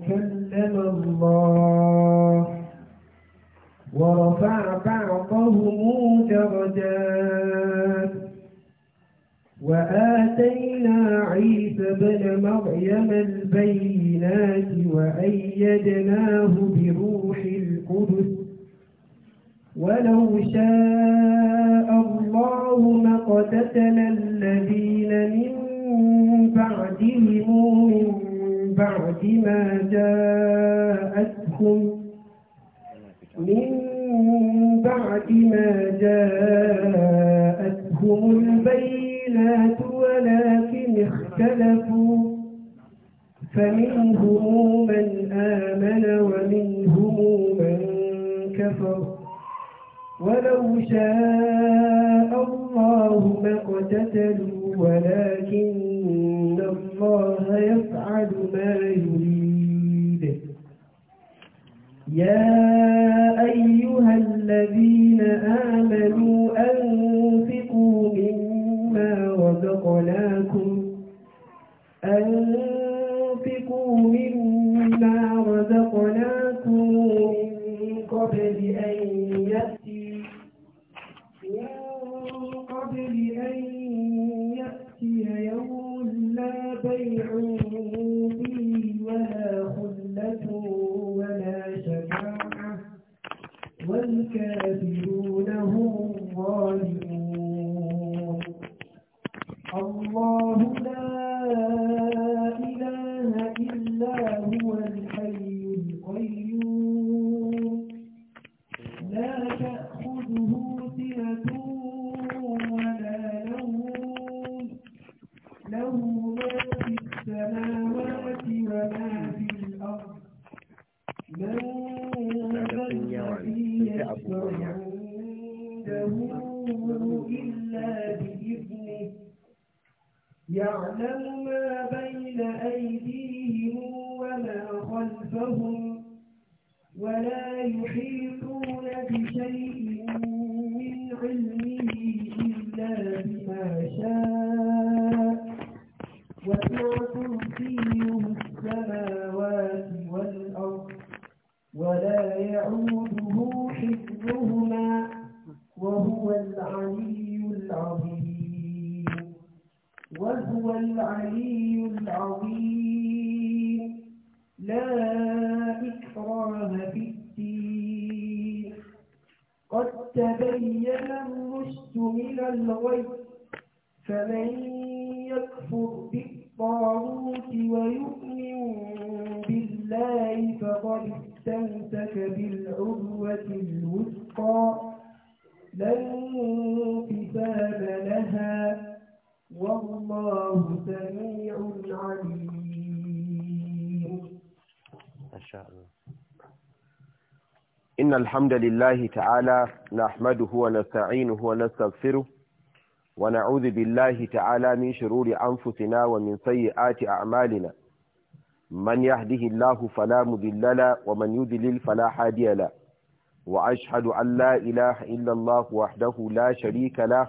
كلم الله ورفع بعضهم درجات وآتينا عيسى بن مريم البينات وأيدنا قد استمسك بالعروة الوثقى لا انكساب لها والله سميع عليم شاء الله إن الحمد لله تعالى نحمده ونستعينه ونستغفره ونعوذ بالله تعالى من شرور أنفسنا ومن سيئات أعمالنا من يهده الله فلا مضل له ومن يضلل فلا هادي له وأشهد أن لا إله إلا الله وحده لا شريك له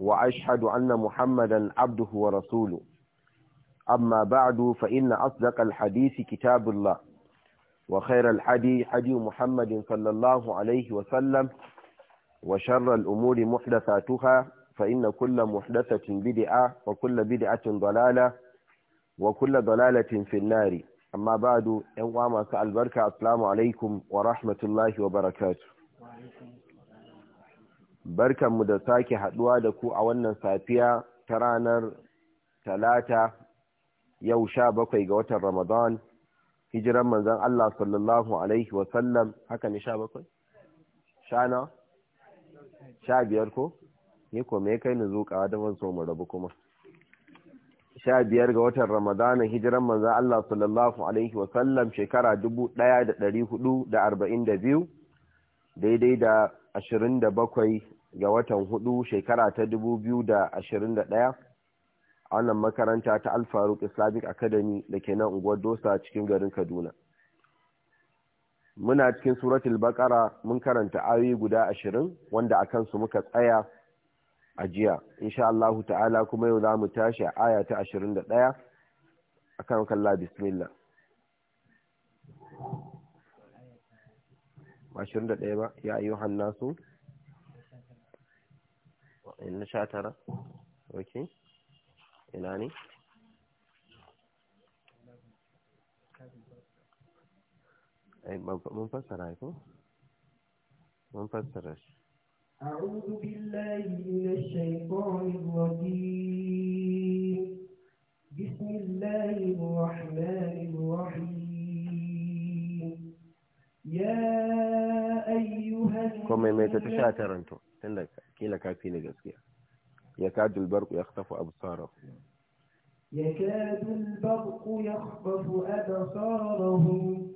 وأشهد أن محمدا عبده ورسوله أما بعد فإن أصدق الحديث كتاب الله وخير الحدي حدي محمد صلى الله عليه وسلم وشر الأمور محدثاتها فإن كل محدثة بدعة وكل بدعة ضلالة wa kulla dalalatin finnari amma ba ba'du yan uwa masu albarka assalamu alaikum wa rahmatullahi wa barakatu barkanmu da sake haduwa da ku a wannan safiya ta ranar talata yau sha bakwai ga watan ramadan hijiran manzan Allah sallallahu alaihi wa haka ne sha bakwai sha sha biyar ko ni kome kai ni zuƙa da ban mu rabu kuma sha biyar ga watan ramadana hijiran manza Allah sallallahu alaihi wasallam shekara dubu ɗaya da ɗari hudu da arba'in da biyu daidai da ashirin da bakwai ga watan hudu shekara ta dubu biyu da ashirin da ɗaya a wannan makaranta ta alfaruk islamic academy da ke nan unguwar dosa cikin garin kaduna muna cikin suratul bakara mun karanta ayoyi guda ashirin wanda akan su muka tsaya a jiya insha Allah ta'ala kuma yau za mu tashi aya ta 21 akan kalla bismillah 21 ba ya ayyuhan nasu sha tara okay ina ne ai mun fassara ko mun fassara shi أعوذ بالله من الشيطان الرجيم بسم الله الرحمن الرحيم يا أيها الذين تتشاتر أنتم يكاد البرق يخطف أبصارهم يكاد البرق يخطف أبصارهم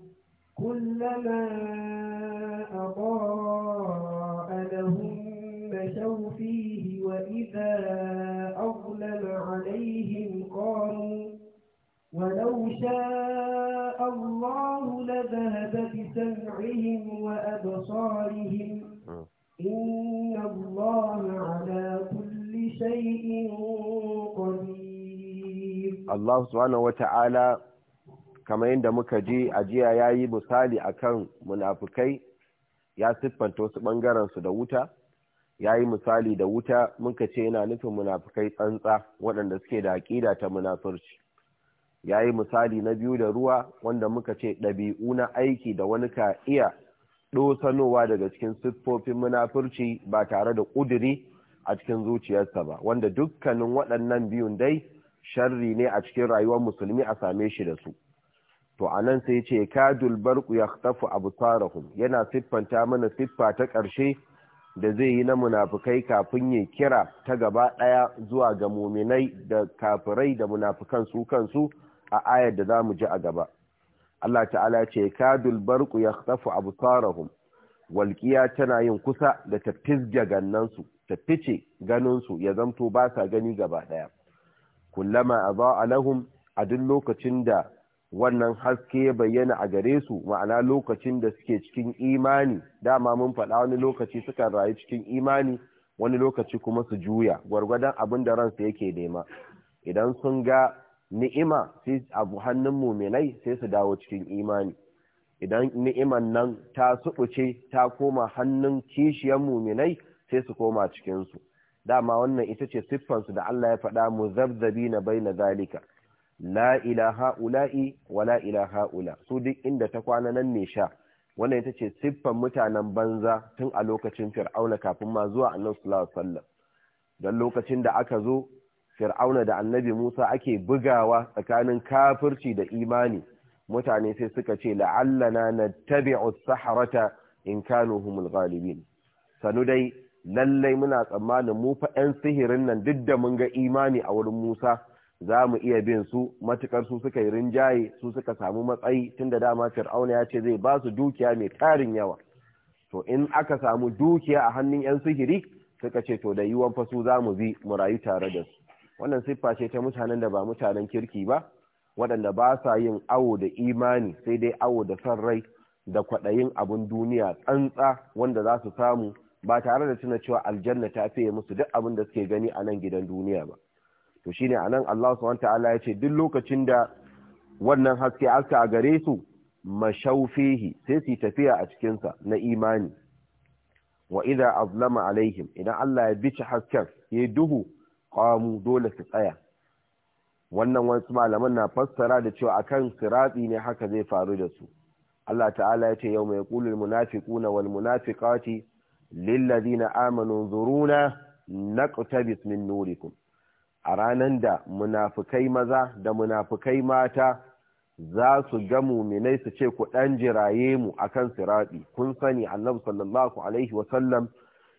كلما أضاء لهم مشوا فيه وإذا أظلم عليهم قاموا ولو شاء الله لذهب بسمعهم وأبصارهم إن الله على كل شيء قدير الله سبحانه وتعالى kamar yadda muka ji a jiya ya yi misali akan munafukai ya siffanta wasu ɓangaren su da wuta ya yi misali da wuta muka ce yana nufin munafukai tsantsa waɗanda suke da aƙida ta munafurci ya yi misali na biyu da ruwa wanda muka ce ɗabi'u na aiki da wani ka iya ɗosanowa daga cikin siffofin munafurci ba tare da ƙuduri a cikin zuciyarsa ba wanda dukkanin waɗannan biyun dai sharri ne a cikin rayuwar musulmi a same shi da su to anan sai ce kadul Barku barqu yakhtafu absarahum yana siffanta mana siffa ta ƙarshe da zai yi na munafukai kafin ya kira ta gaba ɗaya zuwa ga muminai da kafirai da munafukan su kansu a ayar da za mu ji a gaba. Allah ta'ala ce, Kadul barku ya tafi abu tarahun, walƙiya tana yin kusa da ta gannansu, ta fice ganinsu ya zamto ba sa gani gaba ɗaya. Kullama a a lahum a duk lokacin da wannan haske ya bayyana a gare su ma'ana lokacin da suke cikin imani dama mun faɗa wani lokaci suka rayu cikin imani wani lokaci kuma su juya gwargwadon abin da ransu yake nema idan sun ga ni'ima sai abu hannun muminai sai su dawo cikin imani idan ni'iman nan ta suɓuce ta koma hannun kishiyar muminai sai su koma cikinsu dama wannan ita ce siffansu da Allah ya faɗa mu zabzabi na bai na zalika la ilaha ula'i wa la ilaha ula su duk inda ta kwana nan ne sha wannan ita ce siffan mutanen banza tun a lokacin fir'auna kafin ma zuwa annan sulawar sallar don lokacin da aka zo fir'auna da annabi Musa ake bugawa tsakanin kafirci da imani mutane sai suka ce la'allana na as-saharata in kanu humul galibin sanu dai lallai muna tsammanin mu fa 'yan sihirin nan duk da mun ga imani a wurin Musa za mu iya bin su matukar su suka yi rinjaye su suka samu matsayi tun da dama fir'auna ya ce zai ba su dukiya mai tarin yawa to in aka samu dukiya a hannun yan sihiri suka ce to da yiwuwan fa su za mu bi mu rayu tare da su wannan siffa ce ta mutanen da ba mutanen kirki ba waɗanda ba sa yin awo da imani sai dai awo da san rai da kwaɗayin abin duniya tsantsa wanda za su samu ba tare da tuna cewa aljanna ta fiye musu duk abin da suke gani a nan gidan duniya ba to shine anan Allah subhanahu ta'ala ya ce duk lokacin da wannan haske aka a gare su mashaufihi sai su tafiya a cikin sa na imani wa idza azlama alaihim idan Allah ya ci hasken ya duhu qamu dole su tsaya wannan wasu malaman na fassara da cewa akan sirati ne haka zai faru da su Allah ta'ala yace ce yau mai kulul munafiquna wal munafiqati lil ladina amanu zuruna naqtabis min nurikum a ranar da munafukai maza da munafukai mata za su ga muminai su ce ku ɗan jiraye mu akan siraɗi kun sani annabi sallallahu alaihi wasallam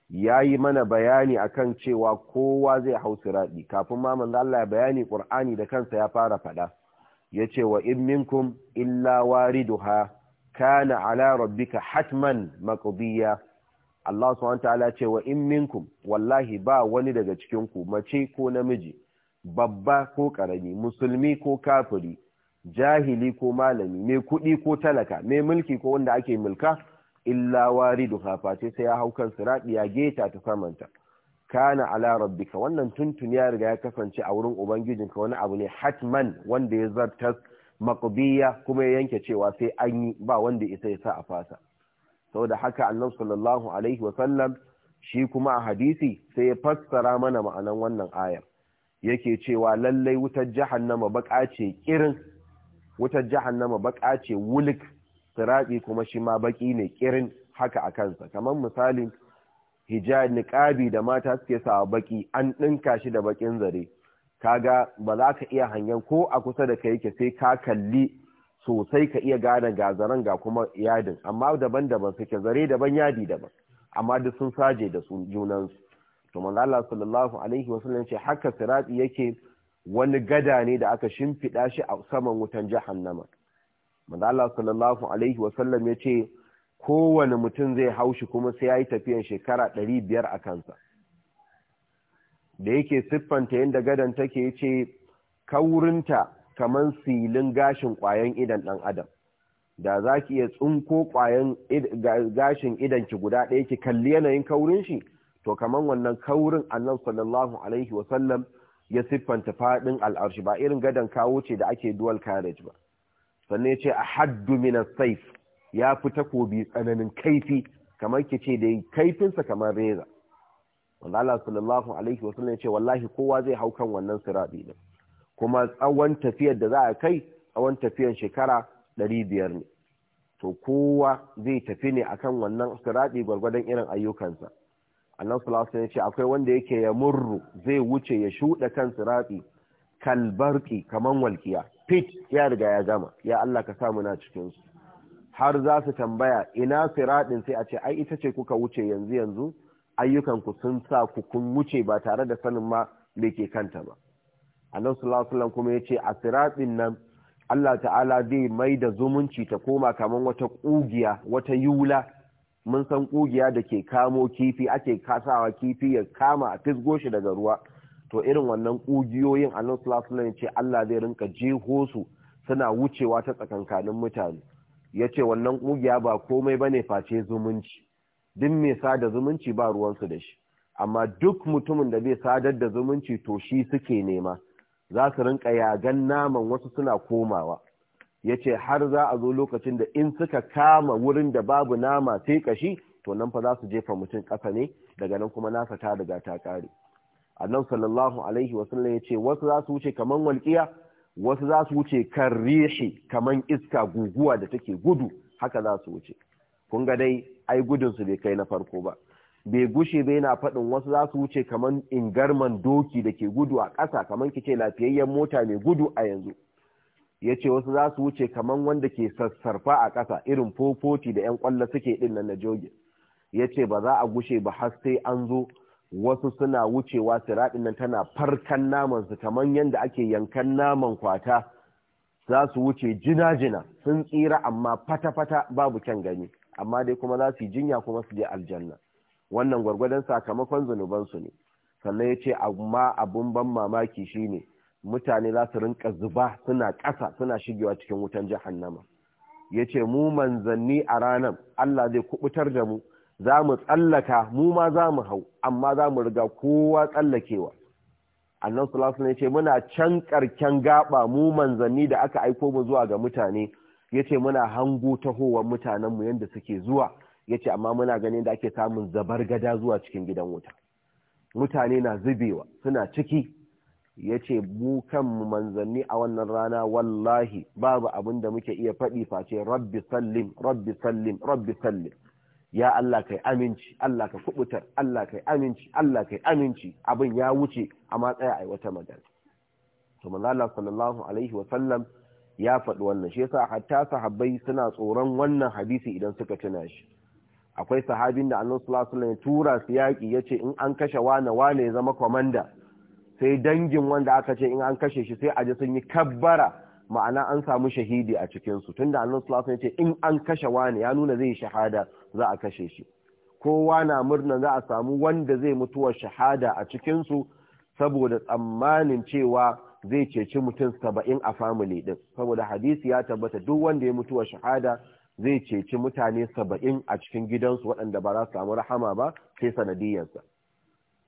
ya yi mana bayani akan cewa kowa zai hau siraɗi kafin ma manzo Allah ya bayani ƙur'ani da kansa ya fara faɗa yace wa in minkum illa wariduha kana ala rabbika hatman maqdiya Allah subhanahu ta'ala ce wa in minkum wallahi ba wani daga cikin ku mace ko namiji babba ko karami musulmi ko kafiri jahili ko malami mai kuɗi ko talaka mai mulki ko wanda ake mulka illa waridu face sai ya hau kan siraɗi ya geta ta samanta kana ala rabbika wannan tuntun ya riga ya kasance a wurin ubangijin. Ka wani abu ne hatman wanda ya zartas maqbiya kuma ya yanke cewa sai an yi ba wanda isa ya sa a fasa saboda haka annabi sallallahu alaihi wa sallam shi kuma a hadisi sai ya fassara mana ma'anan wannan ayar yake cewa lallai wutar jahannama baka ce kirin wutar jahannama baka ce wulik sirabi kuma shi ma baki ne kirin haka a kansa kamar misalin hijab niqabi da mata suke sawa baki an dinka shi da bakin zare kaga ba za ka iya hanyar ko a kusa da kai yake sai ka kalli sosai ka iya gane ga zaren ga kuma yadin amma daban-daban suke zare daban yadi daban amma duk sun saje da su su to manzo Allah sallallahu alaihi wasallam ce haka sirati yake wani gada ne da aka shimfida shi a saman wutan jahannama manzo Allah sallallahu alaihi wasallam yace kowane mutum zai haushi kuma sai yayi tafiyan shekara 500 a kansa da yake siffanta yadda gadan take yace kaurinta kaman silin gashin ƙwayan idan ɗan adam da za ki iya tsunko ƙwayan gashin idan ki guda ɗaya ki kalli yanayin kaurin shi to kaman wannan kaurin annabi sallallahu alaihi wa sallam ya siffanta fadin al'arshi ba irin gadon kawo ce da ake dual carriage ba sannan ya ce a haddu minas saif ya fi takobi tsananin kaifi kamar ki ce da kaifinsa kamar reza wanda Allah sallallahu alaihi sallam ya ce wallahi kowa zai hau kan wannan sirabi din kuma tsawon tafiyar da za a kai tsawon tafiyar shekara ɗari biyar ne to kowa zai tafi ne akan wannan Siradi gwargwadon irin ayyukansa annan sulasun ya ce akwai wanda yake ya murru zai wuce ya shuɗa kan siraɗi kalbarki kamar walkiya fit ya riga ya gama ya Allah ka samu na cikinsu har za su tambaya ina siradin sai a ce ai ita ce kuka wuce yanzu yanzu ayyukanku sun sa ku kun wuce ba tare da sanin ma me ke kanta ba annabi sallallahu alaihi wasallam kuma yace a siratin nan Allah ta'ala zai mai da zumunci ta koma kaman wata kugiya wata yula mun san kugiya da ke kamo kifi ake kasawa kifi ya kama a fisgo shi daga ruwa to irin wannan kugiyoyin annabi sallallahu alaihi wasallam yace Allah zai rinka jeho su suna wucewa ta tsakankanin mutane yace wannan kugiya ba komai bane face zumunci duk mai sada zumunci ba ruwansu da shi amma duk mutumin da zai sadar da zumunci to shi suke nema za su rinka yagan naman wasu suna komawa ya ce har za a zo lokacin da in suka kama wurin da babu nama sai kashi to nan fa za su jefa mutum ƙasa ne daga nan kuma nasa ta daga ta ƙare nan, sallallahu alaihi wasallam ya ce wasu za su wuce kaman walƙiya wasu za su wuce kan rishi kaman iska guguwa da take gudu haka za su wuce kun ga dai ai gudun su bai kai na farko ba bai gushe bai na faɗin wasu za su wuce kamar ingarman doki da ke gudu a ƙasa kamar kice lafiyayyen mota mai gudu a yanzu ya ce wasu za su wuce kamar wanda ke sassarfa a ƙasa irin fofoti da 'yan ƙwallo suke ɗin nan na jogin ya ce ba za a gushe ba har sai an zo wasu suna wucewa siraɗin nan tana farkan naman su kamar yadda ake yankan naman kwata za su wuce jina-jina sun tsira amma fata-fata babu kyan gani amma dai kuma za su yi jinya kuma su je aljanna wannan gwargwadon sakamakon zunubansu ne sannan ya ce amma abun ban mamaki shine mutane za su rinka zuba suna ƙasa suna shigewa cikin wutan jahannama ya ce mu manzanni a ranar Allah zai kubutar da mu za mu tsallaka mu ma za mu hau amma za mu riga kowa tsallakewa annan sulasu ne ce muna can karken gaba mu manzanni da aka aiko mu zuwa ga mutane ya ce muna hango tahowar mutanenmu yadda suke zuwa yace amma muna ganin da ake samun zabar gada zuwa cikin gidan wuta mutane na zubewa suna ciki yace mu kan manzanni a wannan rana wallahi babu abin da muke iya faɗi face rabbi sallim rabbi sallim rabbi sallim ya Allah kai aminci Allah ka kubutar Allah kai aminci Allah kai aminci abin ya wuce amma tsaya a wata magana to manzo Allah sallallahu alaihi wa sallam ya faɗi wannan shi yasa hatta sahabbai suna tsoron wannan hadisi idan suka tuna shi akwai sahabin da annabi sallallahu alaihi ya tura su yaki yace in an kashe wane wane ya zama kwamanda. sai dangin wanda aka ce in an kashe shi sai aje sun yi kabbara ma'ana an samu shahidi a cikinsu. su tunda annabi sallallahu ya ce in an kashe wane ya nuna zai shahada za a kashe shi kowa na murna za a samu wanda zai mutuwa shahada a cikinsu saboda tsammanin cewa zai ceci mutum saba'in a family din saboda hadisi ya tabbata duk wanda ya mutuwa shahada zai ceci mutane saba'in a cikin gidansu waɗanda ba za su samu rahama ba sai sanadiyarsa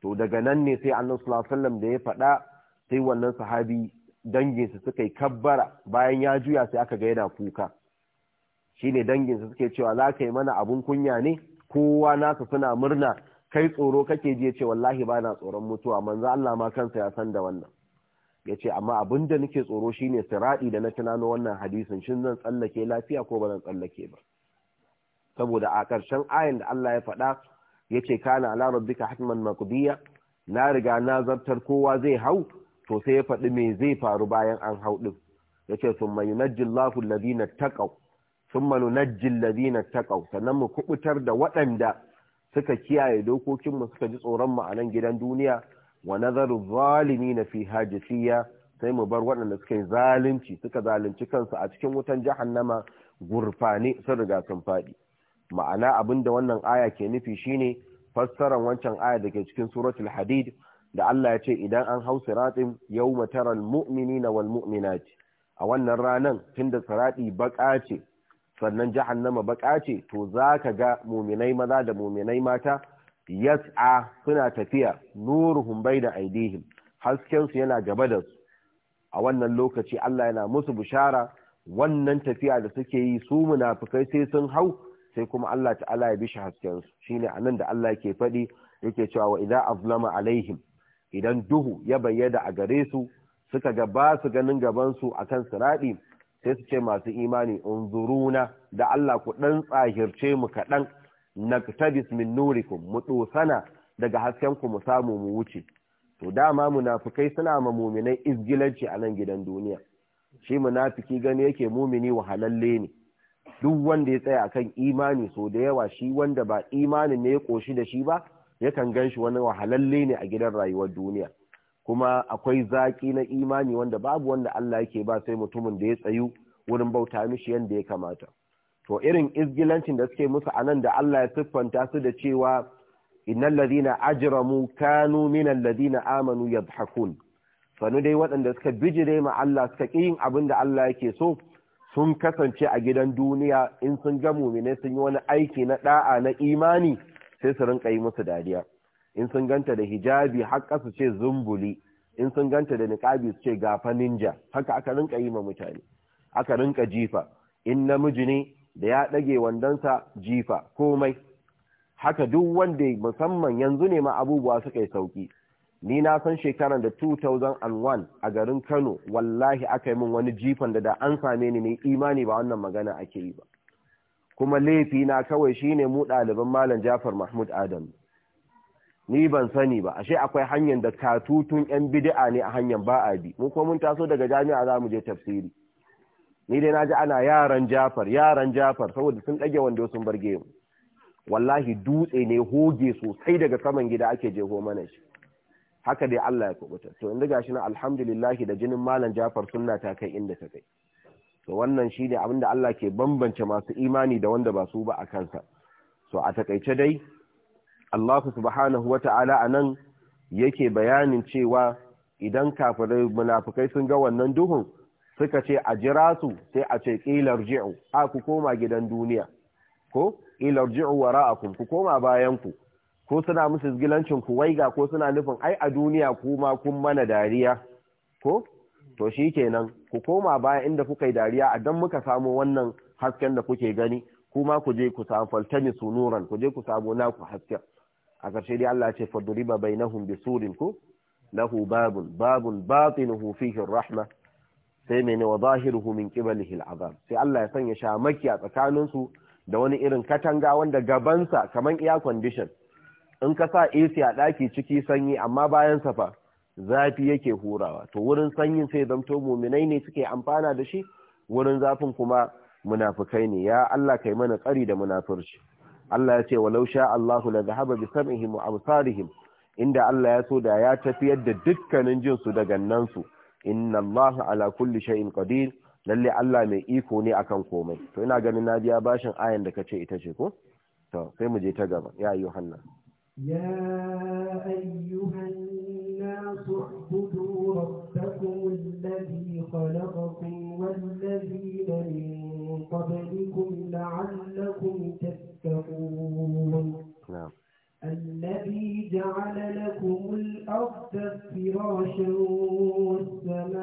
to daga nan ne sai annabi sallallahu da ya faɗa sai wannan sahabi danginsa suka yi kabbara bayan ya juya sai aka ga yana kuka Shi ne danginsa suke cewa za ka yi mana abun kunya ne kowa nasa suna murna kai tsoro kake je ce wallahi ba na tsoron mutuwa manzo Allah ma kansa ya san da wannan ya ce amma abin da nake tsoro shine siraɗi da na tunano wannan hadisin shin zan tsallake lafiya ko ba zan tsallake ba saboda a ƙarshen ayin da Allah ya faɗa ya ce kana ala rabbika hikman maqdiya na riga na zartar kowa zai hau to sai ya faɗi me zai faru bayan an hau din ya ce summa yunajji Allahu alladhina taqaw summa nunajji alladhina taqaw sannan mu kubutar da waɗanda suka kiyaye dokokin mu suka ji tsoron mu a nan gidan duniya wa nazaru zalimina fi hajisiyya sai mu bar waɗanda suka yi zalunci suka zalunci kansu a cikin wutan jahannama gurfani sun riga sun faɗi ma'ana abin da wannan aya ke nufi shine fassaran wancan aya da ke cikin suratul hadid da Allah ya ce idan an hau siratin yau taral mu'minina wal a wannan ranan tunda sirati baka ce sannan jahannama baka ce to zaka ga mu'minai maza da mu'minai mata yas'a suna tafiya nuruhum da aidihim hasken su yana gaba da su a wannan lokaci Allah yana musu bishara wannan tafiya da suke yi su munafikai sai sun hau sai kuma Allah ta'ala ya bishi hasken su shine anan da Allah yake faɗi yake cewa wa idza azlama alaihim idan duhu ya bayyana a gare su suka ga ba su ganin gaban su akan siradi sai su ce masu imani unzuruna da Allah ku dan tsahirce mu kaɗan naktabis min nurikum mu sana, daga hasken ku mu samu mu wuce to dama munafikai suna ma muminai izgilanci a nan gidan duniya shi munafiki gani yake mumini wahalalle ne duk wanda ya tsaya akan imani so da yawa shi wanda ba imanin ne ya koshi da shi ba yakan gan shi wani wahalalle ne a gidan rayuwar duniya kuma akwai zaki na imani wanda babu wanda Allah yake ba sai mutumin da ya tsayu wurin bauta mishi yadda ya kamata to irin izgilancin da suke musu anan da Allah ya siffanta su da cewa innal ladina ajramu kanu minal ladina amanu yadhakun Sannu dai waɗanda suka bijire ma Allah suka ƙi yin abin da Allah yake so sun kasance a gidan duniya in sun ga mumine sun yi wani aiki na da'a na imani sai su rinka yi musu dariya in sun ganta da hijabi har su ce zumbuli in sun ganta da niqabi su ce gafa ninja haka aka rinka yi ma mutane aka rinka jifa in namiji ne da ya ɗage wandonsa jifa komai haka duk wanda musamman yanzu ne ma abubuwa suka yi sauki ni na san shekarar da 2001 a garin Kano wallahi aka yi min wani jifan da da an same ni ne imani ba wannan magana ake yi ba kuma laifi na kawai shine mu ɗaliban malam Jafar Mahmud Adam ni ban sani ba ashe akwai hanyar da katutun yan bid'a ne a hanyar ba a bi mu ko mun taso daga jami'a za mu je tafsiri ni dai na ji ana yaran jafar yaran jafar saboda sun ɗage wanda sun barge mu wallahi dutse ne hoge sosai daga saman gida ake je jeho mana shi haka dai Allah ya kubuta to inda gashi na alhamdulillah da jinin malam jafar sunna ta kai inda ta kai to wannan shine abinda Allah ke bambance masu imani da wanda ba su ba a kansa so a takaice dai Allah subhanahu wata'ala anan yake bayanin cewa idan kafirai munafikai sun ga wannan duhun suka ce a jira su sai a ce ƙilar ji'u a ku koma gidan duniya ko ƙilar ji'u ra'akun ku koma bayanku ko suna musu gilancin ku waiga ko suna nufin ai a duniya kuma kun mana dariya ko to shi kenan ku koma bayan inda kuka yi dariya a dan muka samu wannan hasken da kuke gani kuma ku je ku samu faltani sunuran ku je ku samu naku hasken a ƙarshe dai Allah ce faduriba bainahum bisurin ku lahu babun babun batinuhu fihi rahma sai mene wa zahiruhu min qibalihi al'azab sai Allah ya sanya shamaki a tsakanin su da wani irin katanga wanda gabansa kaman air condition in ka sa AC a daki ciki sanyi amma bayan sa fa zafi yake hurawa to wurin sanyin sai zamto muminai ne suke amfana da shi wurin zafin kuma munafikai ne ya Allah kai mana tsari da munafurci Allah ya ce walau sha Allahu la dhahaba bi sam'ihim wa absarihim inda Allah ya so da ya tafiyar da dukkanin jinsu daga nan su. inna Allah ala kulli shay'in qadir lalle Allah mai iko ne akan komai to ina ganin na biya bashin ayan da kace ita ce ko to sai mu je ta gaba ya ayyuhan ya ayyuhan nas ubudu rabbakum alladhi khalaqakum walladhina min qablikum la'allakum tattaqun الذي جعل لكم الأرض فراشا والسماء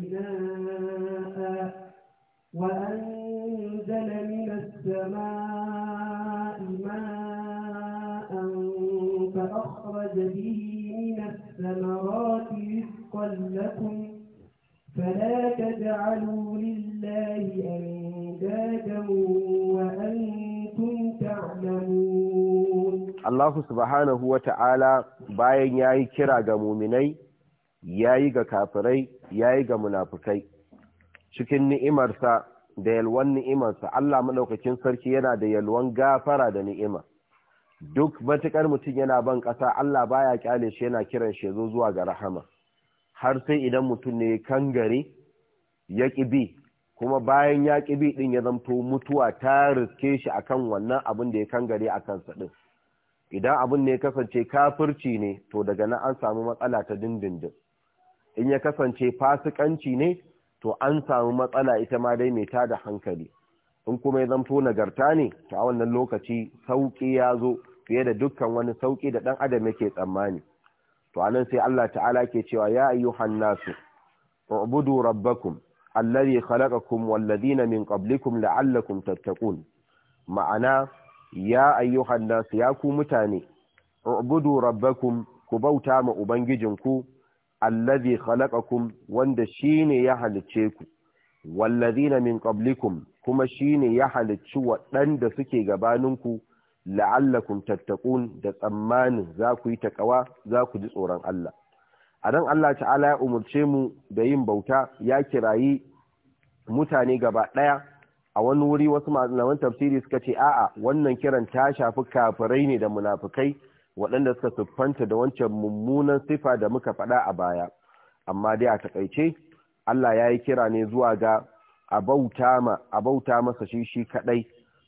بناء وأنزل من السماء ماء فأخرج به من الثمرات رزقا لكم فلا تجعلوا لله أندادا وأنتم تعلمون Allah subhanahu wa ta'ala bayan ya yi kira ga muminai, ya yi ga kafirai, ya yi ga munafukai. Cikin ni'imarsa da yalwan ni'imarsa, Allah maɗaukacin sarki yana da yalwan gafara da ni'ima. Duk matuƙar mutum yana ban ƙasa, Allah baya ƙyale shi yana kiran shi zo zuwa ga rahama. Har sai idan mutum ne kangare, ya ƙi bi, kuma bayan ya ƙi ɗin ya zamto mutuwa ta riske shi akan wannan abin da ya kangare a kansa ɗin. idan abin ne ya kasance kafirci ne to daga nan an samu matsala ta dindindin in ya kasance fasikanci ne to an samu matsala ita ma dai mai tada hankali in kuma ya zanto nagarta ne to a wannan lokaci sauki ya zo fiye da dukkan wani sauki da dan adam yake tsammani to anan sai Allah ta'ala ke cewa ya ayyuhan nasu ubudu rabbakum alladhi khalaqakum wal ladina min qablikum la'allakum tattaqun ma'ana ya ayyuhan nasu ya ku mutane ubudu rabbakum ku bauta ma ubangijinku allazi khalaqakum wanda shine ya halicce ku wallazina min qablikum kuma shine ya halicci waɗanda suke gabaninku la'allakum tattaqun da tsammanin za ku yi takawa za ku ji tsoron Allah a Allah ta'ala ya umurce mu da yin bauta ya kirayi mutane gaba ɗaya a wani wuri wasu malaman tafsiri suka ce a'a wannan kiran ta shafi kafirai ne da munafukai waɗanda suka siffanta da wancan mummunan sifa da muka faɗa a baya amma dai a takaice Allah ya yi kira ne zuwa ga a bauta masa shi shi kaɗai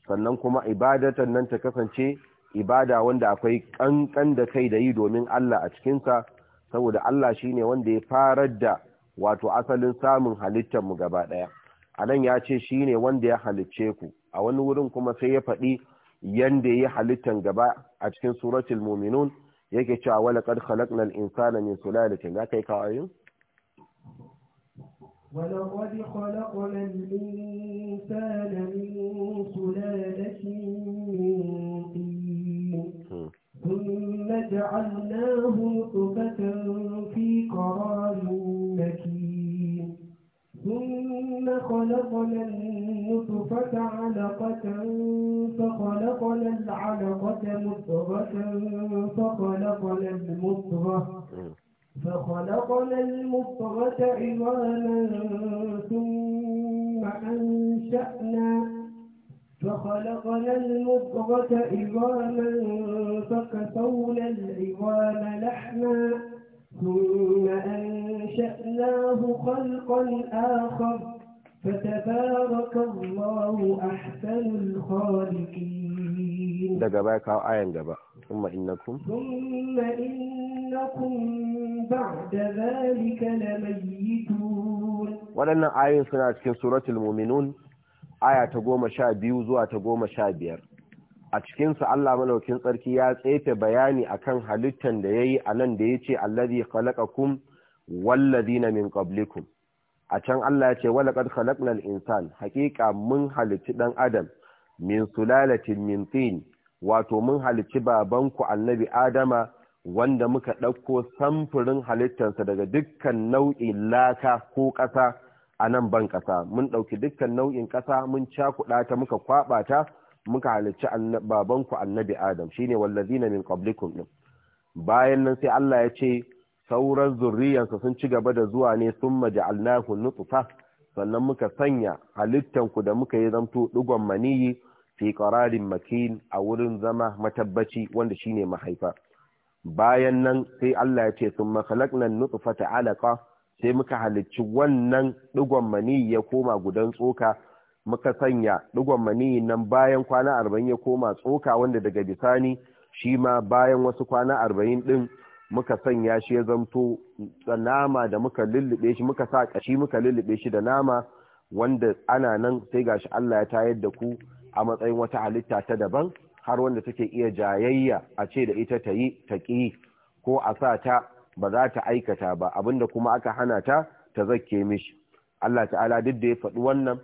sannan kuma ibadatan nan ta kasance ibada wanda akwai ƙanƙan da kai da yi domin Allah a cikinsa saboda Allah shi ne wanda ya farar da wato asalin samun halittar mu gaba ɗaya a nan ya ce shi ne wanda ya halicce ku a wani wurin kuma sai ya faɗi yanda ya halittan gaba a cikin suratul muminun yake cewa wala qad khalaqnal insana min sulalatin za ka yi kawayin ولقد خلقنا الإنسان من سلالة من طين ثم جعلناه نطفة في ثم خلقنا النطفة علقة فخلقنا العلقة مضغة فخلقنا المضغة فخلقنا المضغة عظاما ثم أنشأنا فخلقنا المضغة عظاما فكسونا العظام لحما ثم أنشأناه خلقا آخر فتبارك الله أحسن الخالقين daga baya kawo ayan gaba ثم إنكم ثم إنكم بعد ذلك لميتون waɗannan ayoyin suna cikin suratul muminun aya ta goma sha biyu zuwa ta goma sha biyar a cikinsu Allah malaukin tsarki ya tsefe bayani akan halittan da ya yi a nan da ya ce allazi khalaqakum wallazina min qablikum a can Allah ya ce walaqad khalaqnal insan haƙiƙa mun halitti dan adam min sulalatin min tin wato mun halitti babanku annabi adama wanda muka ɗauko samfurin halittarsa daga dukkan nau'in laka ko ƙasa a nan ban ƙasa mun ɗauki dukkan nau'in ƙasa mun cakuɗa ta muka kwaɓa ta muka halicci babanku annabi adam shine wallazina min qablikum din bayan nan sai Allah ya ce sauran zurriyansa sun ci gaba da zuwa ne sun maja'alnahu nutfa sannan muka sanya ku da muka yi zamto digon maniyi fi qararin makin a wurin zama matabbaci wanda shine mahaifa bayan nan sai Allah ya ce sun makhalaqna nutfata alaqa sai muka halicci wannan digon maniyi ya koma gudan tsoka muka sanya digon mani nan bayan kwana arba'in ya koma tsoka wanda daga bisani shi ma bayan wasu kwana arba'in din muka sanya shi ya zamto da nama da muka lullube shi muka sa kashi muka lullube shi da nama wanda ana nan sai gashi Allah ya tayar da ku a matsayin wata halitta ta daban har wanda take iya jayayya a ce da ita ta yi ta ki ko a sa ta ba za ta aikata ba abinda kuma aka hana ta ta zakke mishi Allah ta'ala duk da ya faɗi wannan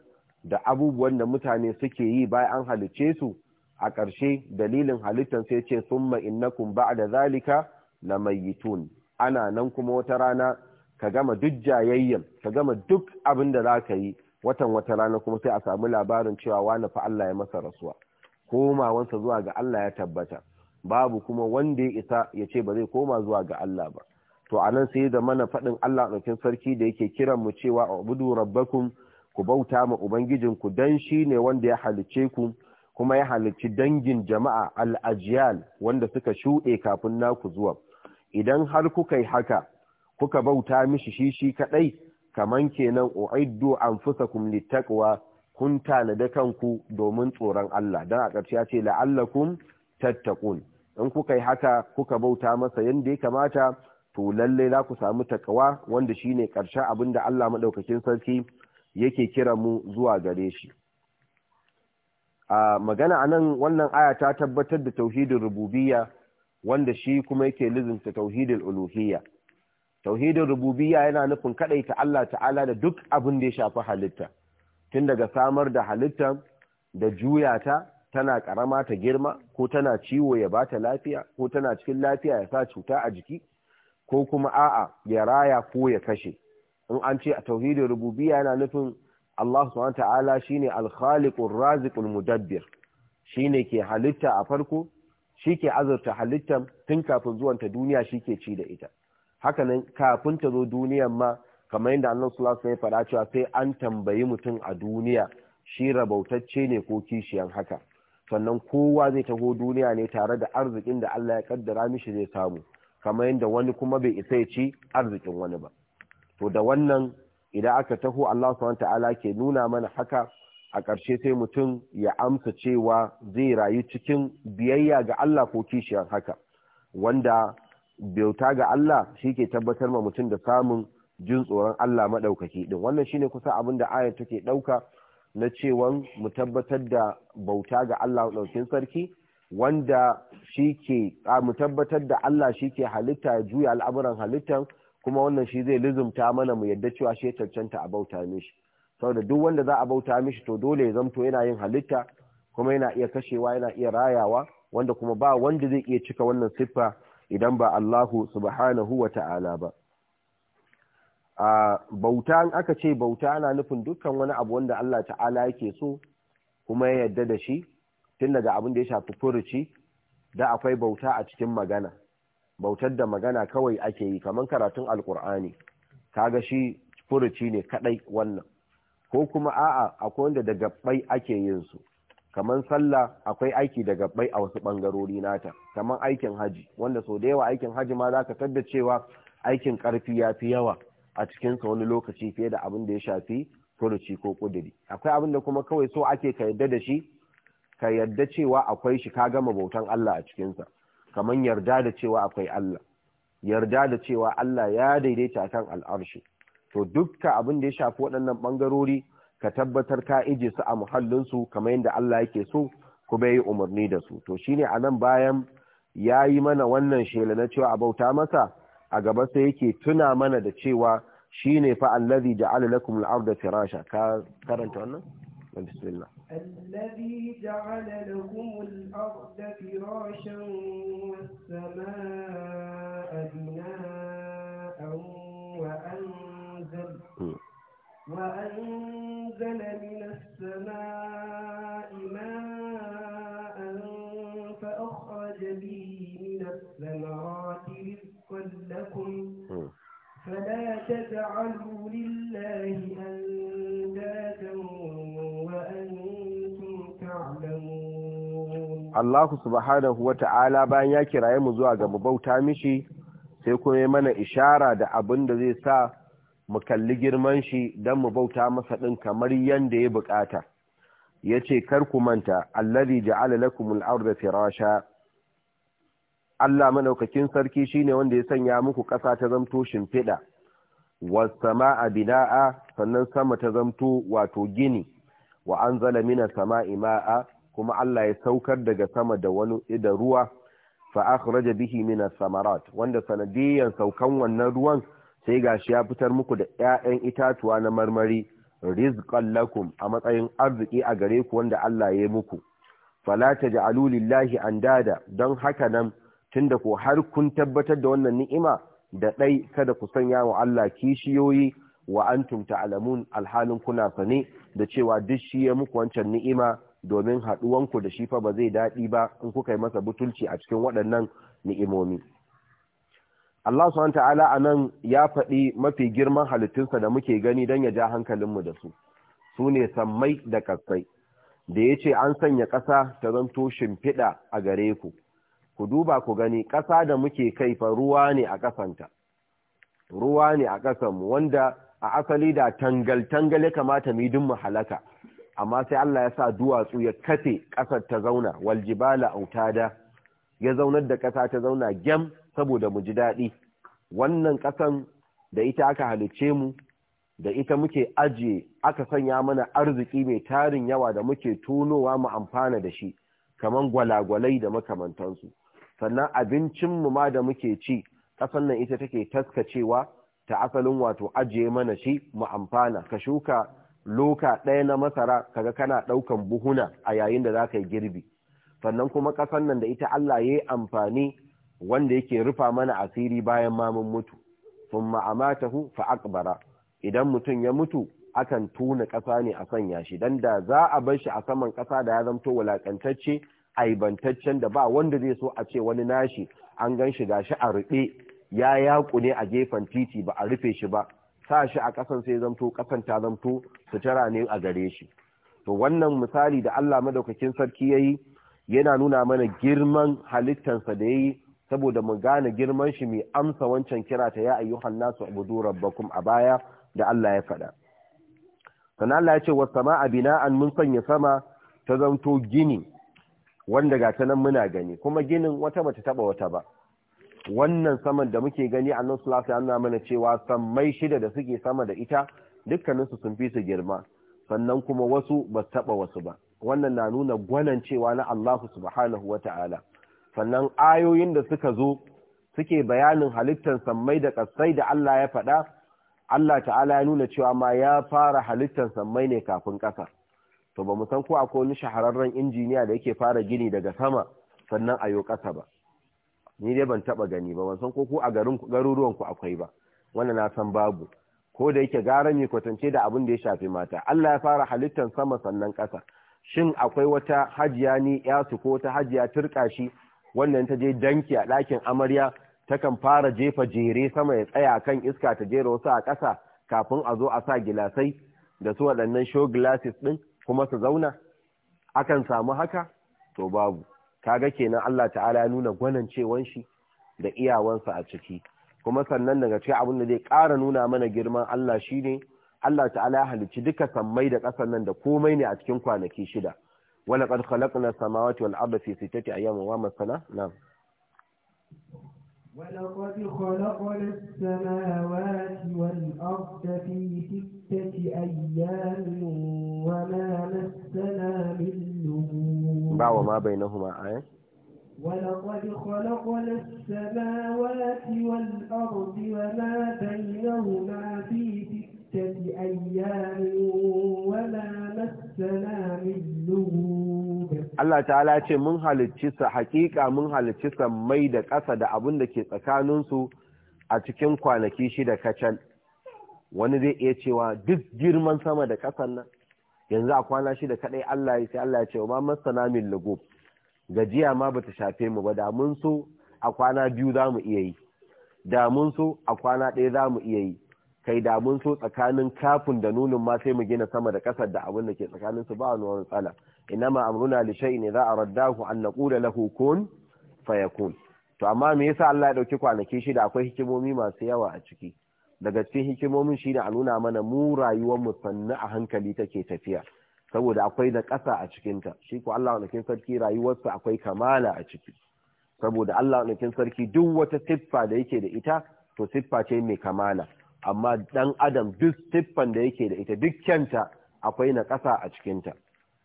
da abubuwan da mutane suke yi bayan an halicce su a ƙarshe dalilin halittar sai ce sun summa innakum da zalika na lamayitun ana nan kuma wata rana ka gama duk jayayyan ka gama duk abin da za ka yi watan wata rana kuma sai a samu labarin cewa wani fa Allah ya masa rasuwa komawansa zuwa ga Allah ya tabbata babu kuma wanda ya isa ya ce ba zai koma zuwa ga Allah ba to anan sai da mana faɗin Allah ɗaukin sarki da yake kiran mu cewa budu rabbakum ku bauta ma ubangijinku dan shi ne wanda ya halicce ku kuma ya halicci dangin jama'a al'ajiyal wanda suka shuɗe kafin naku zuwa idan har kuka yi haka kuka bauta mishi shi shi kaɗai kamar kenan u'iddu anfusakum littaqwa kun tanada kanku domin tsoron Allah dan a ƙarshe ya ce la'allakum tattaqun in kuka yi haka kuka bauta masa yadda ya kamata to lallai za ku samu takawa wanda shine ƙarshen abin da Allah madaukakin sarki yake kira mu zuwa gare shi a magana anan wannan aya ta tabbatar da tauhidin rububiyya wanda shi kuma yake lizinta tauhidin uluhiyya tauhidin rububiyya yana nufin ta Allah ta'ala da duk abin da ya shafi halitta tun daga samar da halitta da juya ta tana karama ta girma ko tana ciwo ya bata lafiya ko tana cikin lafiya ya sa cuta a jiki ko kuma a'a ya raya ko ya kashe in an ce a tauhidin rububiyya yana nufin Allah subhanahu ta'ala shine al-khaliqur raziqul mudabbir shine ke halitta a farko shike azurta halitta tun kafin zuwan ta duniya ke ci da ita haka nan kafin ta zo duniyan ma kamar yadda Annabi sallallahu alaihi ya faɗa cewa sai an tambayi mutum a duniya shi rabautacce ne ko kishiyan haka sannan kowa zai taho duniya ne tare da arzikin da Allah ya kaddara mishi zai samu kamar yadda wani kuma bai isa ya ci arzikin wani ba to da wannan idan aka taho Allah subhanahu ta'ala ke nuna mana haka a ƙarshe sai mutum ya amsa cewa zai rayu cikin biyayya ga Allah ko kishiyar haka wanda bauta ga Allah shi ke tabbatar ma mutum da samun jin tsoron Allah maɗaukaki ɗin wannan shine kusa abin da ayar take ɗauka na cewan mu tabbatar da bauta ga Allah ɗaukin sarki wanda shi ke mu tabbatar da Allah shi ke halitta juya al'amuran halittan kuma wannan shi zai lizumta mana mu yadda cewa shi ya cancanta a bauta mishi saboda duk wanda za a bauta mishi to dole ya zamto yana yin halitta kuma yana iya kashewa yana iya rayawa wanda kuma ba wanda zai iya cika wannan siffa idan ba Allahu subhanahu wa ta'ala ba a bauta in aka ce bauta ana nufin dukkan wani abu wanda Allah ta'ala yake so kuma ya yadda da shi tun daga abin da ya shafi furuci da akwai bauta a cikin magana bautar da magana kawai ake yi kamar karatun alkur'ani Ka ga shi furuci ne kadai wannan ko kuma a'a akwai wanda da gabbai ake yin su kamar sallah akwai aiki da gabbai a wasu bangarori nata kamar aikin haji wanda sau da yawa aikin haji ma za zaka tabbace cewa aikin karfi ya fi yawa a cikin sa wani lokaci fiye da abin da ya shafi furuci ko kuduri akwai abin da kuma kawai so ake ka yadda da shi ka yadda cewa akwai shi ka gama bautan Allah a cikinsa kamar yarda da cewa akwai Allah yarda da cewa Allah ya daidaita kan al'arshi to dukka abin da ya shafi waɗannan bangarori ka tabbatar ka ije su a muhallin su kamar yadda Allah yake so kuma yi umarni da su to shine a nan bayan ya yi mana wannan shela na cewa a bauta masa a gaba sai yake tuna mana da cewa shine fa allazi ja'ala lakum al ardha firasha ka karanta wannan bismillah الذي جعل لكم الأرض فراشا والسماء بناء وأنزل وأنزل من السماء ماء فأخرج به من الثمرات رزقا لكم فلا تجعلوا لله أنزل Allah subhanahu wa ta'ala bayan ya kiraye mu zuwa ga mu bauta mishi sai kuma mana ishara da abin da zai sa mu kalli girman shi don mu bauta masa ɗin kamar yadda ya bukata ya ce kar ku manta allazi ja'ala lakum al da firasha Allah manaukakin sarki shine wanda ya sanya muku ƙasa ta zamto shimfiɗa wasu sama'a bina'a sannan sama ta zamto wato gini wa anzala mina sama'a kuma Allah ya saukar daga sama da wani da ruwa fa akhraja bihi min as-samarat wanda sanadiyan saukan wannan ruwan sai gashi ya fitar muku da ƴaƴan itatuwa na marmari rizqan lakum a matsayin arziki a gare ku wanda Allah ya yi muku fala taj'alu lillahi andada don haka nan tunda ko har kun tabbatar da wannan ni'ima da dai kada ku sanya wa Allah kishiyoyi wa antum ta'lamun alhalin kuna sane da cewa duk shi ya muku wancan ni'ima domin haɗuwanku da shi fa ba zai daɗi ba in kuka yi masa butulci a cikin waɗannan ni'imomi Allah subhanahu ta'ala anan ya faɗi mafi girman halittunsa da muke gani don ya ja hankalinmu da su su ne sammai da ƙasai da ya ce an sanya ƙasa ta zanto shimfiɗa a gare ku ku duba ku gani ƙasa da muke kai fa ruwa ne a ƙasanta ruwa ne a ƙasanmu wanda a asali da tangal tangal ya kamata mu yi mu halaka amma sai Allah ya sa duwatsu ya kafe ƙasar ta zauna waljibala autada ya zaunar da ƙasa ta zauna gyam saboda mu ji daɗi wannan ƙasan da ita aka halicce mu da ita muke ajiye aka sanya mana arziki mai tarin yawa da muke tonowa mu amfana da shi kaman gwalagwalai da makamantansu sannan abincinmu ma da muke ci ƙasan nan ita take taskacewa ta asalin wato ajiye mana shi mu amfana ka shuka loka ɗaya na masara kaga kana ɗaukan buhuna a yayin da za ka yi girbi sannan kuma ƙasan nan da ita Allah ya yi amfani wanda yake rufa mana asiri bayan ma mun mutu sun ma'amatahu fa akbara idan mutum ya mutu akan tuna ƙasa ne a sanya shi dan da za a bar shi a saman ƙasa da ya zamto wulakantacce aibantaccen da ba wanda zai so a ce wani nashi an gan shi gashi a rufe ya yaƙu ne a gefen titi ba a rufe shi ba sa shi a ƙasan sai zamto ƙasan ta zamto tara ne a gare shi to wannan misali da Allah madaukakin sarki ya yi, yana nuna mana girman halittansa da ya yi saboda mu gane girman shi mai amsa wancan kira ta ya ayyuka nasu abudu rabbakum a baya da Allah ya faɗa sannan Allah ya ce sama a bina'an mun sanya sama ta zamto gini wanda ga ta nan muna gani kuma ginin wata bata taɓa wata ba wannan saman da muke gani a nan sulasa yana mana cewa sammai shida da suke sama da ita dukkaninsu sun fi su girma sannan kuma wasu ba taɓa wasu ba wannan na nuna gwanan cewa na Allah subhanahu wa ta'ala sannan ayoyin da suka zo suke bayanin halittar sammai da ƙasai da Allah ya faɗa Allah ta'ala ya nuna cewa ma ya fara halittar sammai ne kafin ƙasa to ba mu san ko akwai wani shahararren injiniya da yake fara gini daga sama sannan a ƙasa ba ni dai ban taba gani ba ban san ko ku a garin garuruwan ku akwai ba wannan na san babu ko da yake gara mai kwatance da abin da ya shafi mata Allah ya fara halittar sama sannan ƙasa shin akwai wata hajiya ni ya su ko ta hajiya turka shi wannan ta je danki a ɗakin amarya takan fara jefa jere sama ya tsaya kan iska ta jera wasu a ƙasa kafin a zo a sa gilasai da su waɗannan show glasses ɗin kuma su zauna akan samu haka to babu kaga kenan Allah ta'ala ya nuna gwanancewan shi da iyawansa a ciki kuma sannan daga cikin abin da zai ƙara nuna mana girman Allah shine Allah ta'ala ya halicci duka sammai da ƙasar nan da komai ne a cikin kwanaki shida wala qad khalaqna samawati wal arda fi sittati ayyamin wa masana na'am ولقد خلقنا السماوات والأرض في ستة أيام وما مسنا من لغوب وما بينهما آية ولقد خلقنا السماوات والأرض وما بينهما في ستة ستة أيام وما مسنا من لغوب Allah ta'ala ce mun halicci haƙiƙa حقيقة mun halicci mai da ƙasa da abin da ke tsakaninsu a cikin kwanaki shida kacal wani zai iya cewa duk girman sama da ƙasan nan yanzu a kwana shida kaɗai Allah ya sai Allah ya ce ma masana min lugu gajiya ma bata shafe mu ba da mun so a kwana biyu za mu iya yi da mun so a kwana ɗaya za mu iya yi kai da mun so tsakanin kafin da nunin ma sai mu gina sama da ƙasar da abin da ke tsakanin su ba wani wani tsala inama amruna li shay'in za a ku an da lahu kun fayakun to amma me yasa Allah ya dauki kwanaki shi da akwai hikimomi masu yawa a ciki daga cikin hikimomin shi da a nuna mana mu rayuwar mu sannu a hankali take tafiya saboda akwai da ƙasa a cikinta shi ko Allah kin sarki rayuwarsa akwai kamala a ciki saboda Allah wadakin sarki duk wata siffa da yake da ita to siffa ce mai kamala amma dan adam duk siffan da yake da ita duk kyanta akwai na ƙasa a cikinta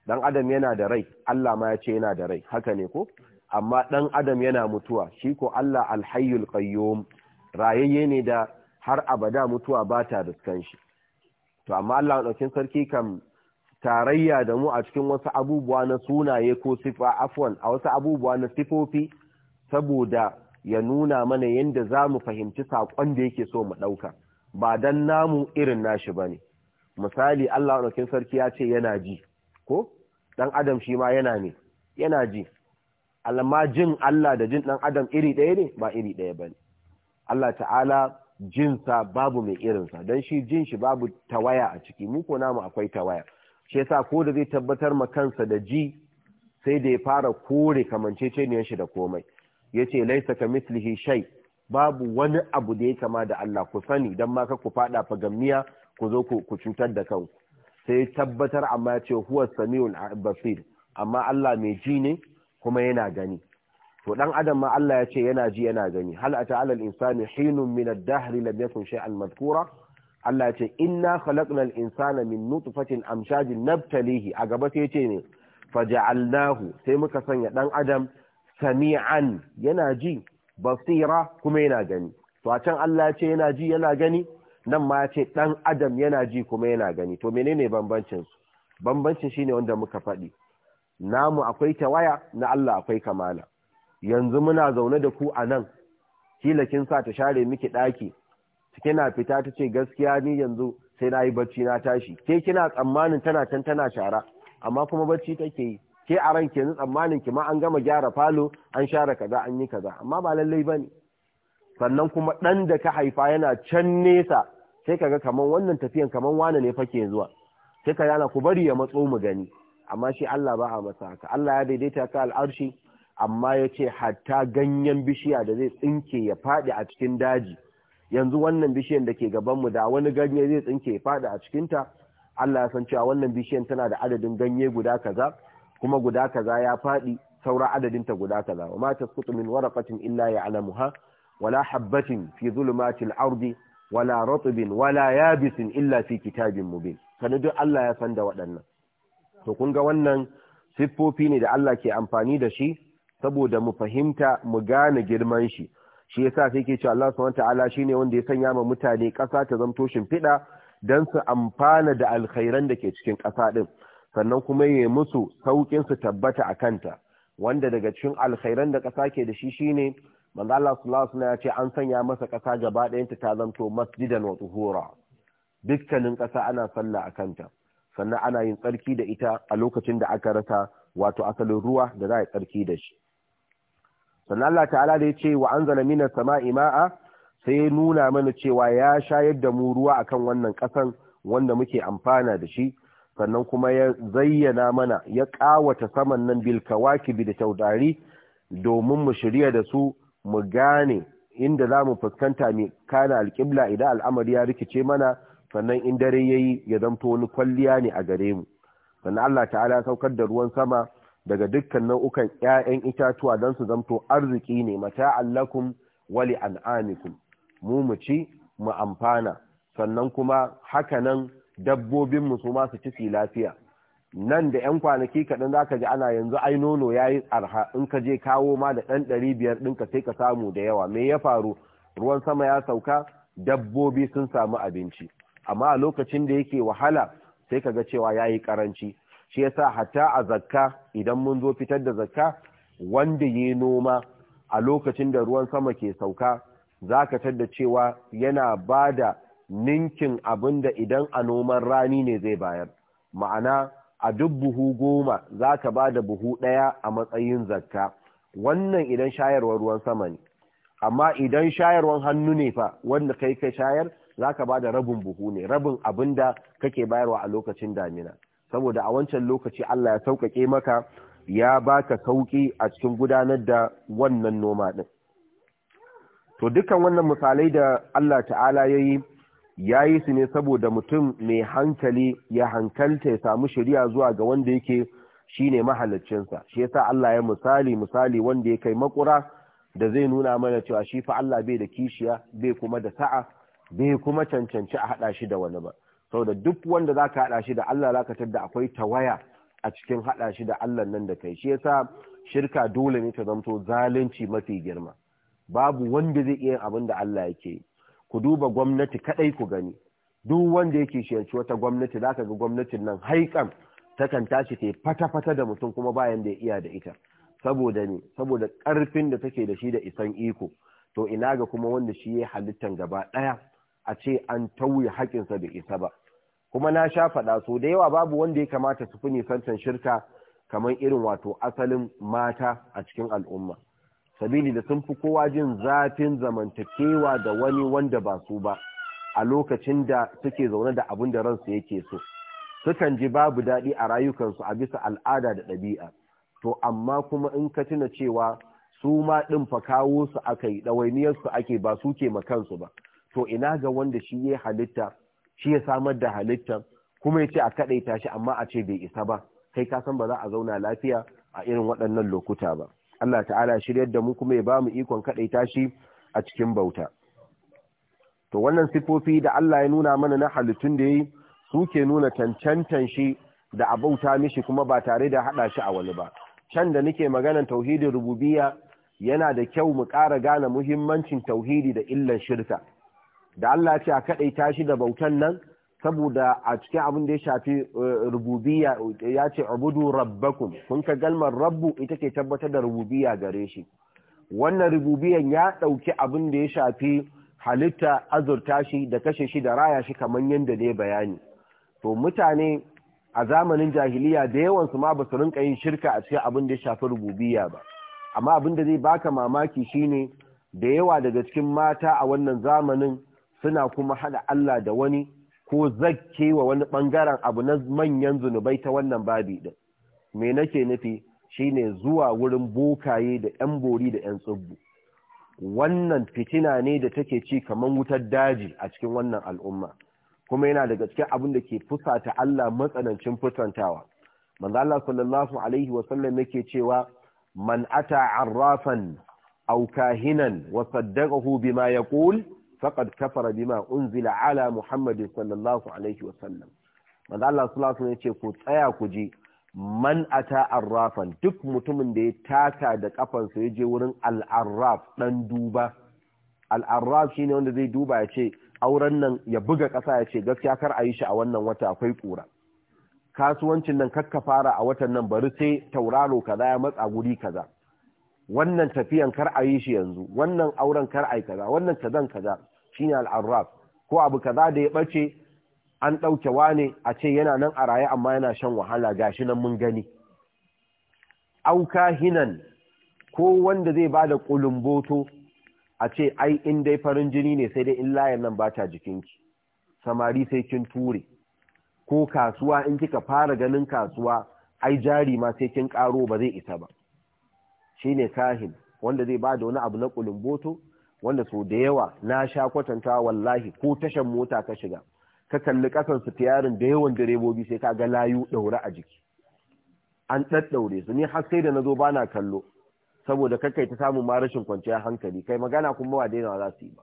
dan adam yana da rai Allah ma ya ce yana da rai haka ne ko amma dan adam yana mutuwa shi ko Allah alhayyul qayyum rayayye ne da har abada mutuwa ba ta riskan shi to amma Allah daukin sarki kam tarayya da mu a cikin wasu abubuwa na sunaye ko sifa afwan a wasu abubuwa na sifofi saboda ya nuna mana yadda za mu fahimci saƙon da yake so mu ɗauka ba dan namu irin nashi bane misali Allah ɗaukin sarki ya ce yana ji ko dan adam shi ma yana ne yana ji Alamma jin Allah da jin dan adam iri ɗaya ne ba iri ɗaya bane Allah ta'ala jinsa babu mai irinsa don shi jin shi babu tawaya a ciki mu ko namu akwai tawaya shi yasa ko da zai tabbatar ma kansa da ji sai da ya fara kore kamanceceniyar shi da komai Ya ce laisa ka mislihi shai. babu wani abu da ya kama da Allah ku sani dan ma ka ku fada fagamniya ku zo ku cutar da kanku sai tabbatar amma ya ce huwa samiul basir amma Allah mai ji ne kuma yana gani to dan adam ma Allah ya ce yana ji yana gani hal ata alal insani hinun min ad-dahr lam yakun shay'an madhkura Allah ya ce inna khalaqnal insana min nutfatin amshajin nabtalihi a gaba sai ya ce ne faja'alnahu sai muka sanya dan adam sami'an yana ji basira kuma yana gani to a can Allah ya ce yana ji yana gani nan ma ya ce dan adam yana ji kuma yana gani to menene bambancin su bambancin shine wanda muka faɗi namu akwai tawaya na Allah akwai kamala yanzu muna zaune da ku anan. kila kin sa ta share miki daki. ɗaki na fita ta ce gaskiya ni yanzu sai na yi bacci na tashi ke kina tsammanin tana can shara amma kuma bacci take yi ke a ranke ni tsammanin ki ma an gama gyara falo an share kaza an yi kaza amma ba lallai ba ne. sannan kuma ɗan da ka haifa yana can nesa sai kaga kaman wannan tafiyan kaman wane ne fake zuwa sai ka yana ku bari ya matso mu gani amma shi Allah ba a masa haka Allah ya daidaita ka al'arshi amma ya ce hatta ganyen bishiya da zai tsinke ya faɗi a cikin daji yanzu wannan bishiyan da ke gabanmu da wani ganye zai tsinke ya faɗi a cikinta Allah ya san cewa wannan bishiyan tana da adadin ganye guda kaza kuma guda kaza ya faɗi saura ta guda kaza wa ma tasqutu min waraqatin illa ya'lamuha wala habatin fi zulumatil ardi wala ratbin wala yabisin illa fi kitabin mubin kana duk Allah ya san da waɗannan to kun ga wannan siffofi ne da Allah ke amfani da shi saboda mu fahimta mu gane girman shi shi yasa sai ke cewa Allah subhanahu wataala shine wanda ya sanya ma mutane ƙasa ta zamto shimfiɗa dan su amfana da alkhairan da ke cikin ƙasa din sannan kuma ya musu saukin su tabbata a kanta wanda daga cikin alkhairan da ƙasa ke da shi shine manzo Allah sallallahu alaihi ya ce an sanya masa ƙasa gaba ɗayanta ta zanto masjidan wa tuhura dukkanin ƙasa ana sallah a kanta sannan ana yin tsarki da ita a lokacin da aka rasa wato asalin ruwa da za a yi tsarki da shi sannan Allah ta'ala da ya ce wa anzala minas sama'i ma'a sai ya nuna mana cewa ya shayar da mu ruwa akan wannan ƙasan wanda muke amfana da shi sannan kuma ya zayyana mana ya ƙawata saman nan bilkawaki bi da taudari domin mu shirya da su mu gane inda za mu fuskanta mai kana alƙibla idan al'amari ya rikice mana sannan in dare ya yi ya zamto wani kwalliya ne a gare mu sannan Allah ta'ala saukar da ruwan sama daga dukkan nau'ukan 'ya'yan itatuwa don su zamto arziki ne mata lakum wali an'amikum mu mu ci mu amfana sannan kuma hakanan dabbobinmu su masu su ci lafiya nan da 'yan kwanaki kaɗan za ka ji ana yanzu ai nono ya yi arha in ka je kawo ma da ɗan ɗari biyar ka sai ka samu da yawa me ya faru ruwan sama ya sauka dabbobi sun samu abinci amma a lokacin da yake wahala sai ka ga cewa ya yi ƙaranci shi yasa hatta a zakka idan mun zo fitar da zakka wanda ya noma a lokacin da ruwan sama ke sauka za ka tadda cewa yana ba da ninkin abin da idan a noman rani ne zai bayar ma'ana a duk buhu goma za ka ba da buhu ɗaya a matsayin zakka wannan idan shayarwar ruwan sama ne amma idan shayarwar hannu ne fa wanda kai ka shayar za ka ba da rabin buhu ne rabin abin da kake bayarwa a lokacin damina saboda a wancan lokaci Allah ya sauƙaƙe maka ya baka sauƙi a cikin gudanar da wannan noma ɗin to dukan wannan misalai da Allah ta'ala ya yi ya yi su ne saboda mutum mai hankali ya hankalta ya samu shari'a zuwa ga wanda yake shine mahalaccinsa shi yasa Allah ya misali misali wanda ya kai makura da zai nuna mana cewa shi fa Allah bai da kishiya bai kuma da sa'a bai kuma cancanci a haɗa shi da wani ba saboda duk wanda zaka haɗa shi da Allah zaka tadda akwai tawaya a cikin haɗa shi da Allah nan da kai shi yasa shirka dole ne ta zamto zalunci mafi girma babu wanda zai iya abin da Allah yake yi ku duba gwamnati kaɗai ku gani duk wanda yake shiyarci wata gwamnati za ka ga gwamnatin nan haikan takan tashi ta fata-fata da mutum kuma bayan da ya iya da ita saboda ne saboda karfin da take da shi da isan iko to ina ga kuma wanda shi ya halittan gaba ɗaya? a ce an tauye haƙinsa da isa ba kuma na sha faɗa so da yawa babu wanda ya kamata su fi nisantan shirka kamar irin wato asalin mata a cikin al'umma sabili da sun fi kowa jin zafin zamantakewa da wani wanda ba su ba a lokacin da suke zaune da abin da ransu yake so sukan ji babu daɗi a rayukansu a bisa al'ada da ɗabi'a to amma kuma in ka tuna cewa su ma ɗin fa kawo su aka yi ɗawainiyarsu ake ba su ke makansu ba to ina ga wanda shi ya halitta shi ya samar da halitta kuma ya ce a kaɗaita shi amma a ce bai isa ba kai ka san ba za a zauna lafiya a irin waɗannan lokuta ba Allah ta'ala shiryar da mu kuma ya ba mu ikon kaɗai shi a cikin bauta to wannan sifofi da Allah ya nuna mana na halittun da yi suke nuna cancantan shi da a bauta mishi kuma ba tare da haɗa shi a wani ba can da nake maganan tauhidin rububiya yana da kyau mu ƙara gane muhimmancin tauhidi da illan shirka da Allah ce a kaɗai shi da bautan nan saboda a cikin abin da ya shafi eh, rububiya ya ce abudu rabbakum kun ka galmar rabbu ita ke tabbatar da rububiya gare shi wannan rububiyan ya ɗauki abin da ya shafi halitta azurta shi da kashe shi da raya shi kamar yadda ne bayani to mutane a zamanin jahiliya da yawan su ma ba su rinka yin shirka a cikin abin da ya shafi rububiya ba amma abin da zai baka mamaki shine da yawa daga cikin mata a wannan zamanin suna kuma hada Allah da wani ko zakke wa wani ɓangaren abu na manyan zunubai ta wannan babi ɗin me nake nufi Shi ne zuwa wurin bokaye da 'yan bori da 'yan tsubbu wannan fitina ne da take ci kamar wutar daji a cikin wannan al'umma kuma yana daga cikin abin da ke fusata Allah matsanancin fusantawa manzo Allah sallallahu alaihi Wasallam yake cewa man ata arrafan aw kahinan wa saddaqahu bima yaqul faqad kafara bima unzila ala muhammadin sallallahu alaihi wa sallam manzo Allah sallallahu alaihi ce ku tsaya ku ji man ata arrafan duk mutumin da ya taka da kafansa ya je wurin al-arraf dan duba al-arraf shine wanda zai duba ya ce auren nan ya buga ƙasa ya ce gaskiya kar a yi shi a wannan wata akwai ƙura kasuwancin nan kakka fara a watan nan bari sai tauraro kaza ya matsa guri kaza wannan tafiyan kar a yi shi yanzu wannan auren kar a yi kaza wannan kazan kaza shine al'arraf ko abu kaza da ya bace an ɗauke wane a ce yana nan a raye amma yana shan wahala gashi nan mun gani auka hinan ko wanda zai bada kulumboto ƙulumboto a ce ai in dai farin jini ne sai dai in layan nan ba ta jikinki samari sai kin ture ko kasuwa in kika fara ganin kasuwa ai jari ma sai kin ƙaro ba zai isa ba shine kahin wanda zai bada wani abu na kulumboto wanda sau da yawa na sha kwatanta wallahi ko tashan mota ka shiga ka kalli kasan su tiyarin da yawan direbobi sai ka ga layu daure a jiki an ɗaɗɗaure su ni har sai da na zo ba kallo saboda kai ta samun ma rashin kwanciyar hankali kai magana kuma ba daina za su yi ba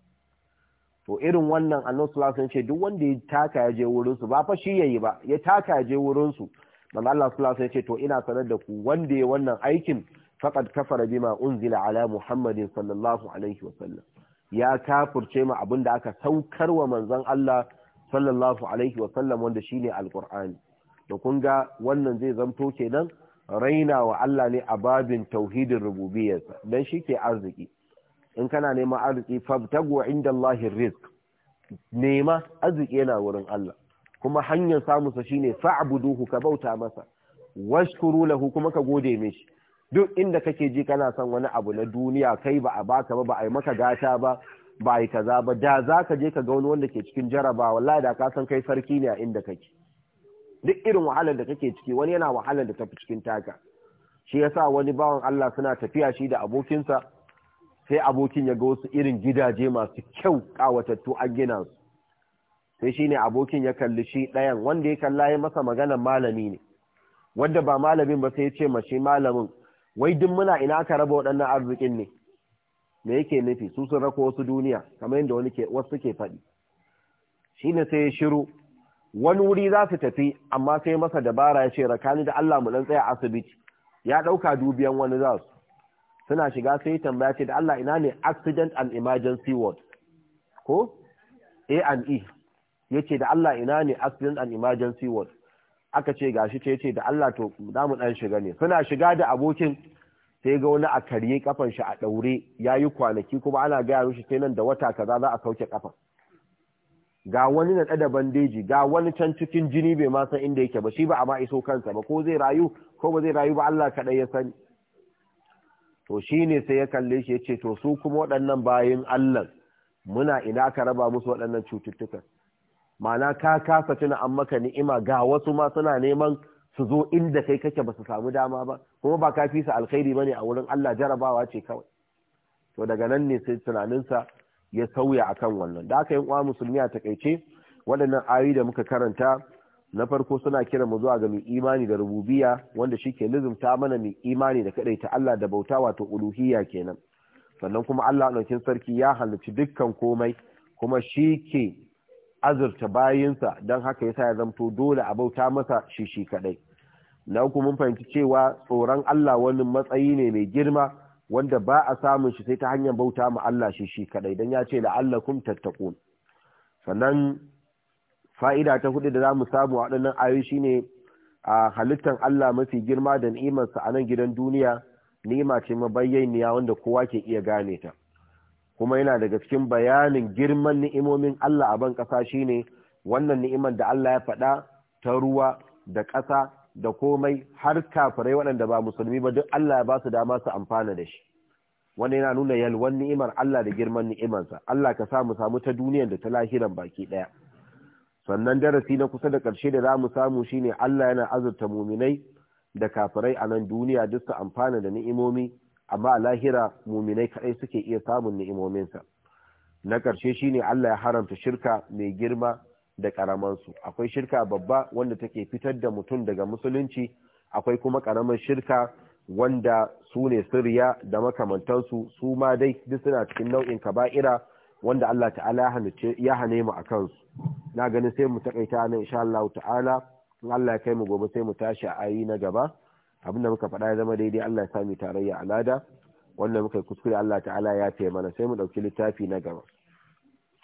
to irin wannan Allah sallallahu alaihi ce duk wanda ya taka ya je wurin su ba fa shi yayi ba ya taka ya je wurin su Allah sallallahu alaihi ce to ina sanar da ku wanda ya wannan aikin faqad kafara bima unzila ala muhammadin sallallahu alaihi wasallam ya kafurce ma abin da aka saukar wa manzon Allah sallallahu alaihi wa sallam wanda shine alqur'ani to kun ga wannan zai zanto kenan raina wa Allah ne a babin tauhidin rububiyarsa dan shi ke arziki in kana neman arziki fabtagu inda Allahi rizq nema arziki yana wurin Allah kuma hanyar samunsa shine fa'buduhu ka bauta masa washkuru lahu kuma ka gode mishi duk inda kake ji kana son wani abu na duniya kai ba a baka ba ba a yi maka gata ba ba yi kaza ba da za ka je ka ga wani wanda ke cikin jaraba wallahi da ka san kai sarki ne a inda kake duk irin wahalar da kake ciki wani yana wahalar da tafi cikin taka shi yasa wani bawan Allah suna tafiya shi da abokinsa sai abokin ya ga wasu irin gidaje masu kyau kawatattu an gina su sai shine abokin ya kalli shi ɗayan wanda ya kalla ya masa maganar malami ne wanda ba malamin ba sai ya ce ma shi malamin wai duk muna ina aka raba waɗannan arzikin ne me yake nufi su sun rako wasu duniya kamar yadda wani ke wasu ke faɗi shine sai ya shiru wani wuri za su tafi amma sai masa dabara ya ce rakani da Allah mu dan tsaya asibiti ya ɗauka dubiyan wani za su suna shiga sai tambaya ce da Allah ina ne accident and emergency ward ko A and E yace da Allah ina ne accident and emergency ward aka ce gashi ta ce da Allah to za mu dan shiga ne suna shiga da abokin sai ga wani a karye kafan shi a daure yi kwanaki kuma ana gaya shi sai nan da wata kaza za a sauke kafan ga wani na da bandeji ga wani can cikin jini bai ma san inda yake ba shi ba a ma iso kansa ba ko zai rayu ko ba zai rayu ba Allah kaɗai ya sani to shine sai ya kalle shi ya ce to su kuma waɗannan bayin Allah muna ina ka raba musu waɗannan cututtukan ma'ana ka kasa tuna an maka ni'ima ga wasu ma suna neman su zo inda kai kake ba su samu dama ba kuma ba ka fi su alkhairi bane a wurin Allah jarabawa ce kawai to daga nan ne sai tunaninsa ya sauya akan wannan da aka yi kwa musulmi a takaice waɗannan ayoyi da muka karanta na farko suna kiran mu zuwa ga mai imani da rububiya wanda shi shike lizumta mana mai imani da ta Allah da bauta wato uluhiyya kenan sannan kuma Allah ɗaukin sarki ya halarci dukkan komai kuma shi ke azurta bayinsa don haka ya sa ya zamto dole a bauta masa shi shi kadai na uku mun fahimci cewa tsoron Allah wani matsayi ne mai girma wanda ba a samun shi sai ta hanyar bauta ma Allah shi shi kadai don ya ce da kun tattako sannan fa'ida ta hudu da za mu samu a waɗannan ayoyi ne a halittar Allah mafi girma da ni'imarsa a nan gidan duniya ni'ima ce mabayyaniya wanda kowa ke iya gane ta kuma yana daga cikin bayanin girman ni'imomin Allah a ban ƙasa shine wannan ni'imar da Allah ya faɗa ta ruwa da ƙasa da komai har kafirai waɗanda ba musulmi ba duk Allah ya ba su dama su amfana da shi Wani yana nuna yalwan ni'imar Allah da girman ni'imarsa Allah ka sa mu samu ta duniyar da ta lahiran baki ɗaya sannan darasi na kusa da ƙarshe da za mu samu shine Allah yana azurta muminai da kafirai a nan duniya duk su amfana da ni'imomi amma a lahira muminai kaɗai suke iya samun ni'imominsa na ƙarshe shine Allah ya haramta shirka mai girma da ƙaramansu akwai shirka babba wanda take fitar da mutum daga musulunci akwai kuma ƙaramin shirka wanda su ne sirriya da makamantansu su ma dai duk suna cikin nau'in kaba'ira wanda Allah ta'ala ya hane mu a kansu na ganin sai mu taƙaita nan insha Allah ta'ala in Allah ya kai mu gobe sai mu tashi a ayi na gaba abinda muka faɗa ya zama daidai Allah ya sami tarayya alada wannan muka yi kuskure Allah ta'ala ya fiye mana sai mu ɗauki littafi na gaba